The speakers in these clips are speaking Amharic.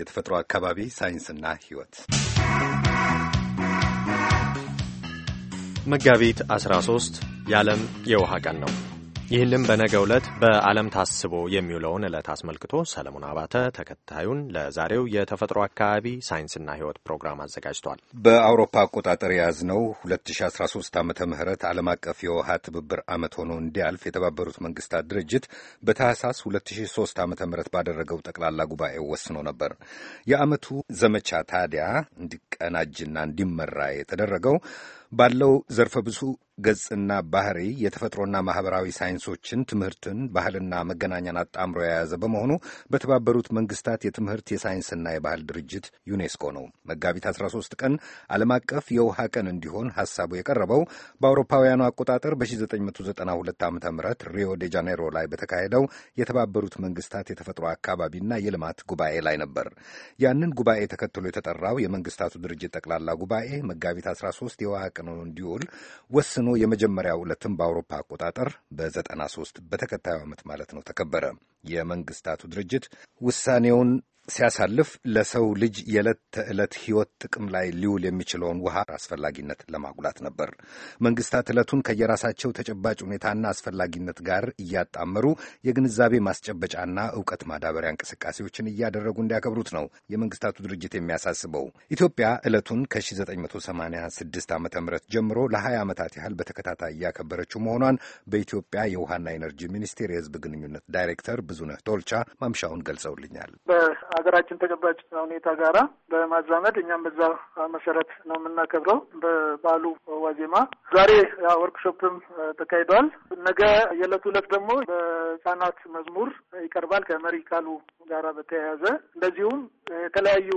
የተፈጥሮ አካባቢ ሳይንስና ህይወት መጋቢት 13 የዓለም የውሃ ቀን ነው። ይህልም በነገ ዕለት በዓለም ታስቦ የሚውለውን ዕለት አስመልክቶ ሰለሞን አባተ ተከታዩን ለዛሬው የተፈጥሮ አካባቢ ሳይንስና ሕይወት ፕሮግራም አዘጋጅቷል። በአውሮፓ አቆጣጠር የያዝነው 2013 ዓመተ ምህረት ዓለም አቀፍ የውሃ ትብብር ዓመት ሆኖ እንዲያልፍ የተባበሩት መንግስታት ድርጅት በታህሳስ 2003 ዓመተ ምህረት ባደረገው ጠቅላላ ጉባኤ ወስኖ ነበር። የዓመቱ ዘመቻ ታዲያ እንዲቀናጅና እንዲመራ የተደረገው ባለው ዘርፈ ብዙ ገጽና ባህሪ የተፈጥሮና ማህበራዊ ሳይንሶችን፣ ትምህርትን፣ ባህልና መገናኛን አጣምሮ የያዘ በመሆኑ በተባበሩት መንግስታት የትምህርት የሳይንስና የባህል ድርጅት ዩኔስኮ ነው መጋቢት 13 ቀን ዓለም አቀፍ የውሃ ቀን እንዲሆን ሐሳቡ የቀረበው በአውሮፓውያኑ አቆጣጠር በ1992 ዓ ም ሪዮ ዴ ጃኔሮ ላይ በተካሄደው የተባበሩት መንግስታት የተፈጥሮ አካባቢና የልማት ጉባኤ ላይ ነበር። ያንን ጉባኤ ተከትሎ የተጠራው የመንግስታቱ ድርጅት ጠቅላላ ጉባኤ መጋቢት 13 የውሃ ተጠራቅኖ እንዲውል ወስኖ የመጀመሪያው ዕለትም በአውሮፓ አቆጣጠር በ93 በተከታዩ ዓመት ማለት ነው ተከበረ። የመንግስታቱ ድርጅት ውሳኔውን ሲያሳልፍ ለሰው ልጅ የዕለት ተዕለት ሕይወት ጥቅም ላይ ሊውል የሚችለውን ውሃ አስፈላጊነት ለማጉላት ነበር። መንግስታት ዕለቱን ከየራሳቸው ተጨባጭ ሁኔታና አስፈላጊነት ጋር እያጣመሩ የግንዛቤ ማስጨበጫና እውቀት ማዳበሪያ እንቅስቃሴዎችን እያደረጉ እንዲያከብሩት ነው የመንግስታቱ ድርጅት የሚያሳስበው። ኢትዮጵያ ዕለቱን ከ1986 ዓ ም ጀምሮ ለ20 ዓመታት ያህል በተከታታይ እያከበረችው መሆኗን በኢትዮጵያ የውሃና ኤነርጂ ሚኒስቴር የህዝብ ግንኙነት ዳይሬክተር ብዙነህ ቶልቻ ማምሻውን ገልጸውልኛል። ሀገራችን ተጨባጭ ሁኔታ ጋራ በማዛመድ እኛም በዛ መሰረት ነው የምናከብረው። በበዓሉ ዋዜማ ዛሬ ወርክሾፕም ተካሂደዋል። ነገ የዕለት ሁለት ደግሞ በህጻናት መዝሙር ይቀርባል ከመሪ ቃሉ ጋራ በተያያዘ እንደዚሁም የተለያዩ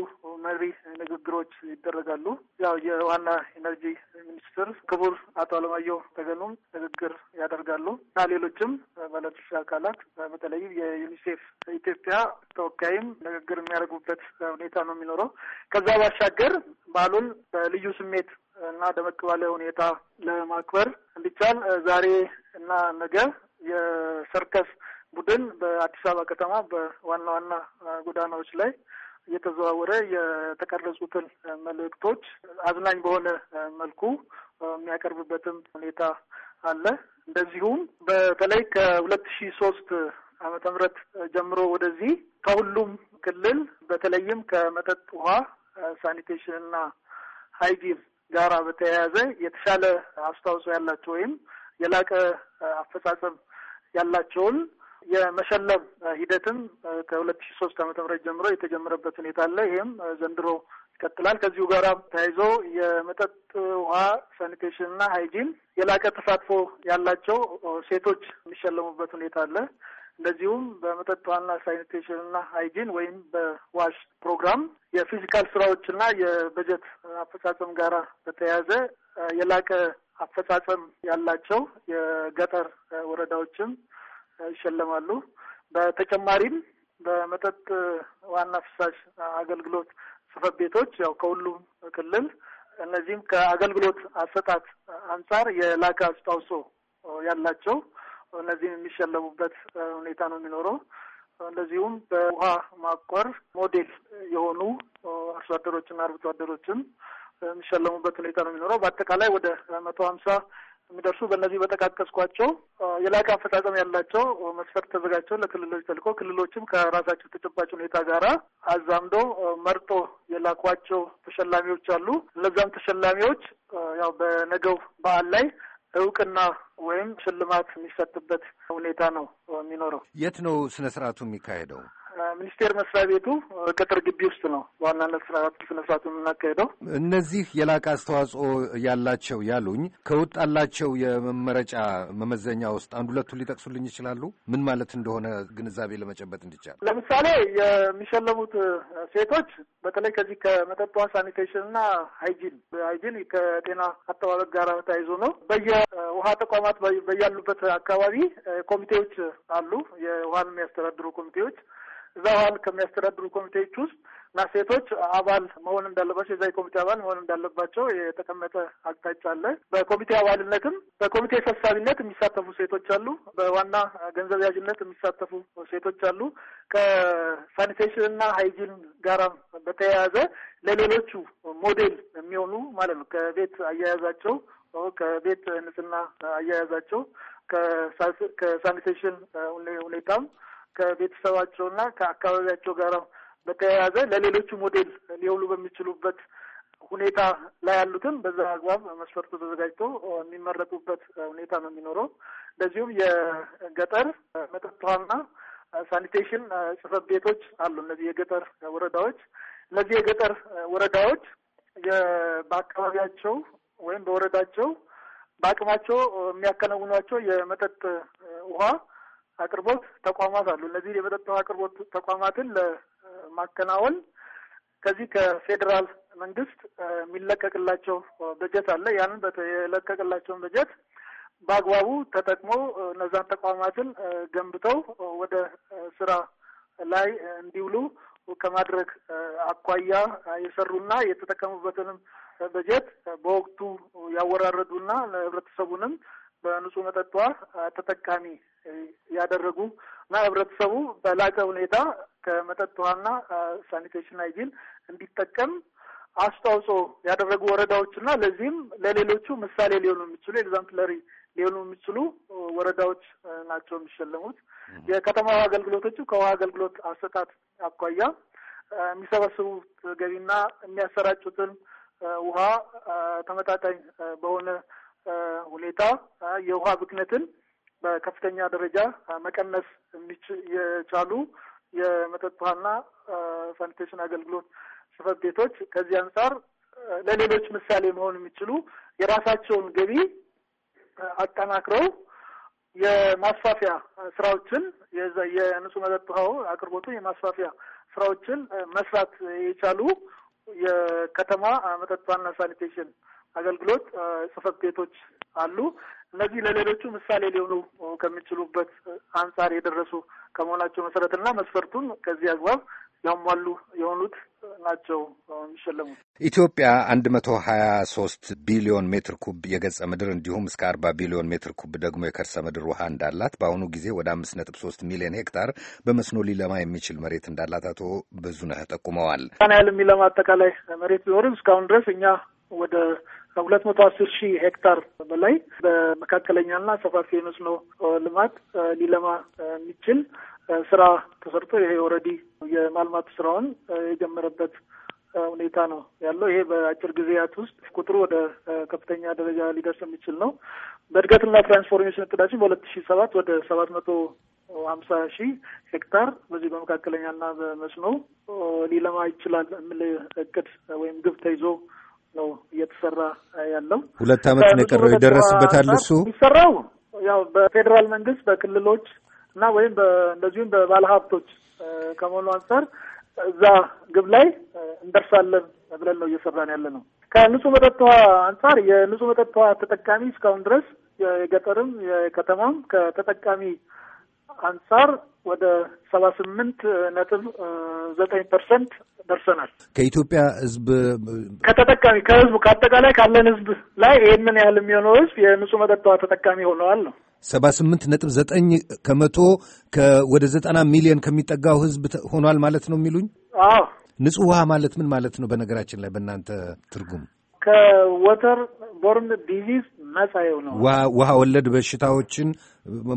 መሪ ንግግሮች ይደረጋሉ። ያው የዋና ኢነርጂ ሚኒስትር ክቡር አቶ አለማየሁ ተገኑም ንግግር ያደርጋሉ እና ሌሎችም ባለድርሻ አካላት በተለይ የዩኒሴፍ ኢትዮጵያ ተወካይም ንግግር የሚያደርጉበት ሁኔታ ነው የሚኖረው። ከዛ ባሻገር በዓሉን በልዩ ስሜት እና ደመቅ ባለ ሁኔታ ለማክበር እንዲቻል ዛሬ እና ነገ የሰርከስ ቡድን በአዲስ አበባ ከተማ በዋና ዋና ጎዳናዎች ላይ እየተዘዋወረ የተቀረጹትን መልእክቶች አዝናኝ በሆነ መልኩ የሚያቀርብበትም ሁኔታ አለ። እንደዚሁም በተለይ ከሁለት ሺ ሶስት ዓመተ ምህረት ጀምሮ ወደዚህ ከሁሉም ክልል በተለይም ከመጠጥ ውሃ ሳኒቴሽንና ሃይጂን ጋር በተያያዘ የተሻለ አስተዋጽኦ ያላቸው ወይም የላቀ አፈጻጸም ያላቸውን የመሸለም ሂደትም ከሁለት ሺ ሶስት ዓመተ ምህረት ጀምሮ የተጀመረበት ሁኔታ አለ። ይሄም ዘንድሮ ይቀጥላል። ከዚሁ ጋራ ተያይዞ የመጠጥ ውሃ ሳኒቴሽንና ሃይጂን የላቀ ተሳትፎ ያላቸው ሴቶች የሚሸለሙበት ሁኔታ አለ። እንደዚሁም በመጠጥ ውሃና ሳኒቴሽንና ሃይጂን ወይም በዋሽ ፕሮግራም የፊዚካል ስራዎችና የበጀት አፈጻጸም ጋራ በተያያዘ የላቀ አፈጻጸም ያላቸው የገጠር ወረዳዎችም ይሸለማሉ። በተጨማሪም በመጠጥ ዋና ፍሳሽ አገልግሎት ጽህፈት ቤቶች ያው ከሁሉም ክልል እነዚህም ከአገልግሎት አሰጣት አንጻር የላከ አስተዋጽኦ ያላቸው እነዚህም የሚሸለሙበት ሁኔታ ነው የሚኖረው። እንደዚሁም በውሃ ማቆር ሞዴል የሆኑ አርሶ አደሮችና አርብቶ አደሮችም የሚሸለሙበት ሁኔታ ነው የሚኖረው። በአጠቃላይ ወደ መቶ ሀምሳ የሚደርሱ በእነዚህ በጠቃቀስኳቸው የላቀ አፈጻጸም ያላቸው መስፈርት ተዘጋጅተው ለክልሎች ተልኮ ክልሎችም ከራሳቸው ተጨባጭ ሁኔታ ጋራ አዛምዶ መርጦ የላኳቸው ተሸላሚዎች አሉ። እነዛም ተሸላሚዎች ያው በነገው በዓል ላይ እውቅና ወይም ሽልማት የሚሰጥበት ሁኔታ ነው የሚኖረው። የት ነው ስነ ስርዓቱ የሚካሄደው? ሚኒስቴር መስሪያ ቤቱ ቅጥር ግቢ ውስጥ ነው በዋናነት ስርዓት ስነስርዓቱ የምናካሄደው። እነዚህ የላቀ አስተዋጽኦ ያላቸው ያሉኝ ከወጣላቸው የመመረጫ መመዘኛ ውስጥ አንድ ሁለቱ ሊጠቅሱልኝ ይችላሉ? ምን ማለት እንደሆነ ግንዛቤ ለመጨበጥ እንዲቻል። ለምሳሌ የሚሸለሙት ሴቶች በተለይ ከዚህ ከመጠጧ ሳኒቴሽን እና ሃይጂን ሃይጂን ከጤና አጠባበቅ ጋር ተያይዞ ነው። በየውሃ ተቋማት በያሉበት አካባቢ ኮሚቴዎች አሉ፣ የውሃን የሚያስተዳድሩ ኮሚቴዎች እዛ አባል ከሚያስተዳድሩ ኮሚቴዎች ውስጥ እና ሴቶች አባል መሆን እንዳለባቸው የዛ የኮሚቴ አባል መሆን እንዳለባቸው የተቀመጠ አቅጣጫ አለ። በኮሚቴ አባልነትም በኮሚቴ ሰብሳቢነት የሚሳተፉ ሴቶች አሉ። በዋና ገንዘብ ያዥነት የሚሳተፉ ሴቶች አሉ። ከሳኒቴሽን እና ሀይጂን ጋራም በተያያዘ ለሌሎቹ ሞዴል የሚሆኑ ማለት ነው። ከቤት አያያዛቸው፣ ከቤት ንጽህና አያያዛቸው ከሳኒቴሽን ሁኔታም ከቤተሰባቸውና ከአካባቢያቸው ጋር በተያያዘ ለሌሎቹ ሞዴል ሊሆኑ በሚችሉበት ሁኔታ ላይ ያሉትም በዛ አግባብ መስፈርቱ ተዘጋጅቶ የሚመረጡበት ሁኔታ ነው የሚኖረው። እንደዚሁም የገጠር መጠጥ ውሃና ሳኒቴሽን ጽህፈት ቤቶች አሉ። እነዚህ የገጠር ወረዳዎች እነዚህ የገጠር ወረዳዎች በአካባቢያቸው ወይም በወረዳቸው በአቅማቸው የሚያከናውኗቸው የመጠጥ ውሃ አቅርቦት ተቋማት አሉ። እነዚህ የመጠጥ አቅርቦት ተቋማትን ለማከናወን ከዚህ ከፌዴራል መንግስት የሚለቀቅላቸው በጀት አለ። ያንን የለቀቅላቸውን በጀት በአግባቡ ተጠቅሞ እነዛን ተቋማትን ገንብተው ወደ ስራ ላይ እንዲውሉ ከማድረግ አኳያ የሰሩና የተጠቀሙበትንም በጀት በወቅቱ ያወራረዱና ለህብረተሰቡንም በንጹህ መጠጧ ተጠቃሚ ያደረጉ እና ህብረተሰቡ በላቀ ሁኔታ ከመጠጥ ውሃና ሳኒቴሽን ሃይጂን እንዲጠቀም አስተዋጽኦ ያደረጉ ወረዳዎችና ለዚህም ለሌሎቹ ምሳሌ ሊሆኑ የሚችሉ ኤግዛምፕለሪ ሊሆኑ የሚችሉ ወረዳዎች ናቸው የሚሸለሙት። የከተማ ውሃ አገልግሎቶቹ ከውሃ አገልግሎት አሰጣት አኳያ የሚሰበስቡት ገቢና የሚያሰራጩትን ውሃ ተመጣጣኝ በሆነ ሁኔታ የውሃ ብክነትን በከፍተኛ ደረጃ መቀነስ የቻሉ የመጠጥ ውሃና ሳኒቴሽን አገልግሎት ጽፈት ቤቶች ከዚህ አንጻር ለሌሎች ምሳሌ መሆን የሚችሉ የራሳቸውን ገቢ አጠናክረው የማስፋፊያ ስራዎችን የንጹህ መጠጥ ውሃው አቅርቦቱ የማስፋፊያ ስራዎችን መስራት የቻሉ የከተማ መጠጥ ውሃና ሳኒቴሽን አገልግሎት ጽህፈት ቤቶች አሉ። እነዚህ ለሌሎቹ ምሳሌ ሊሆኑ ከሚችሉበት አንጻር የደረሱ ከመሆናቸው መሰረትና መስፈርቱን ከዚህ አግባብ ያሟሉ የሆኑት ናቸው የሚሸለሙት። ኢትዮጵያ አንድ መቶ ሀያ ሶስት ቢሊዮን ሜትር ኩብ የገጸ ምድር እንዲሁም እስከ አርባ ቢሊዮን ሜትር ኩብ ደግሞ የከርሰ ምድር ውሃ እንዳላት በአሁኑ ጊዜ ወደ አምስት ነጥብ ሶስት ሚሊዮን ሄክታር በመስኖ ሊለማ የሚችል መሬት እንዳላት አቶ ብዙነህ ጠቁመዋል። ያህል የሚለማ አጠቃላይ መሬት ቢኖርም እስካሁን ድረስ እኛ ወደ ከሁለት መቶ አስር ሺህ ሄክታር በላይ በመካከለኛና ሰፋፊ የመስኖ ልማት ሊለማ የሚችል ስራ ተሰርቶ ይሄ ኦልሬዲ የማልማት ስራውን የጀመረበት ሁኔታ ነው ያለው። ይሄ በአጭር ጊዜያት ውስጥ ቁጥሩ ወደ ከፍተኛ ደረጃ ሊደርስ የሚችል ነው። በእድገትና ትራንስፎርሜሽን እቅዳችን በሁለት ሺህ ሰባት ወደ ሰባት መቶ ሀምሳ ሺህ ሄክታር በዚህ በመካከለኛና በመስኖ ሊለማ ይችላል የሚል እቅድ ወይም ግብ ተይዞ ነው እየተሰራ ያለው። ሁለት ዓመት ነው የቀረው። ይደረስበታል። እሱ የሚሰራው ያው በፌዴራል መንግስት በክልሎች እና ወይም እንደዚሁም በባለሀብቶች ከመሆኑ አንጻር እዛ ግብ ላይ እንደርሳለን ብለን ነው እየሰራን ያለ ነው። ከንጹህ መጠጥ ውሃ አንጻር የንጹህ መጠጥ ውሃ ተጠቃሚ እስካሁን ድረስ የገጠርም የከተማም ከተጠቃሚ አንጻር ወደ ሰባ ስምንት ነጥብ ዘጠኝ ፐርሰንት ደርሰናል። ከኢትዮጵያ ህዝብ ከተጠቃሚ ከህዝቡ ከአጠቃላይ ካለን ህዝብ ላይ ይህንን ያህል የሚሆነው ህዝብ የንጹህ መጠጥ ውሃ ተጠቃሚ ሆነዋል ነው። ሰባ ስምንት ነጥብ ዘጠኝ ከመቶ ወደ ዘጠና ሚሊዮን ከሚጠጋው ህዝብ ሆኗል ማለት ነው የሚሉኝ? አዎ። ንጹህ ውሃ ማለት ምን ማለት ነው? በነገራችን ላይ በእናንተ ትርጉም ከወተር ቦርን ዲዚዝ ነጻ የሆነ ውሃ ወለድ በሽታዎችን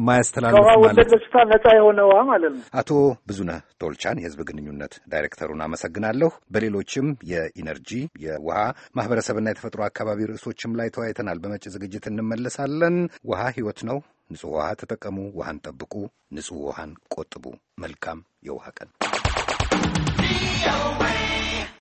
ማያስተላልፍ ውሃ ወለድ በሽታ ነጻ የሆነ ውሃ ማለት ነው። አቶ ብዙነህ ቶልቻን የህዝብ ግንኙነት ዳይሬክተሩን አመሰግናለሁ። በሌሎችም የኢነርጂ የውሃ ማህበረሰብና የተፈጥሮ አካባቢ ርዕሶችም ላይ ተወያይተናል። በመጪ ዝግጅት እንመለሳለን። ውሃ ህይወት ነው። ንጹህ ውሃ ተጠቀሙ። ውሃን ጠብቁ። ንጹህ ውሃን ቆጥቡ። መልካም የውሃ ቀን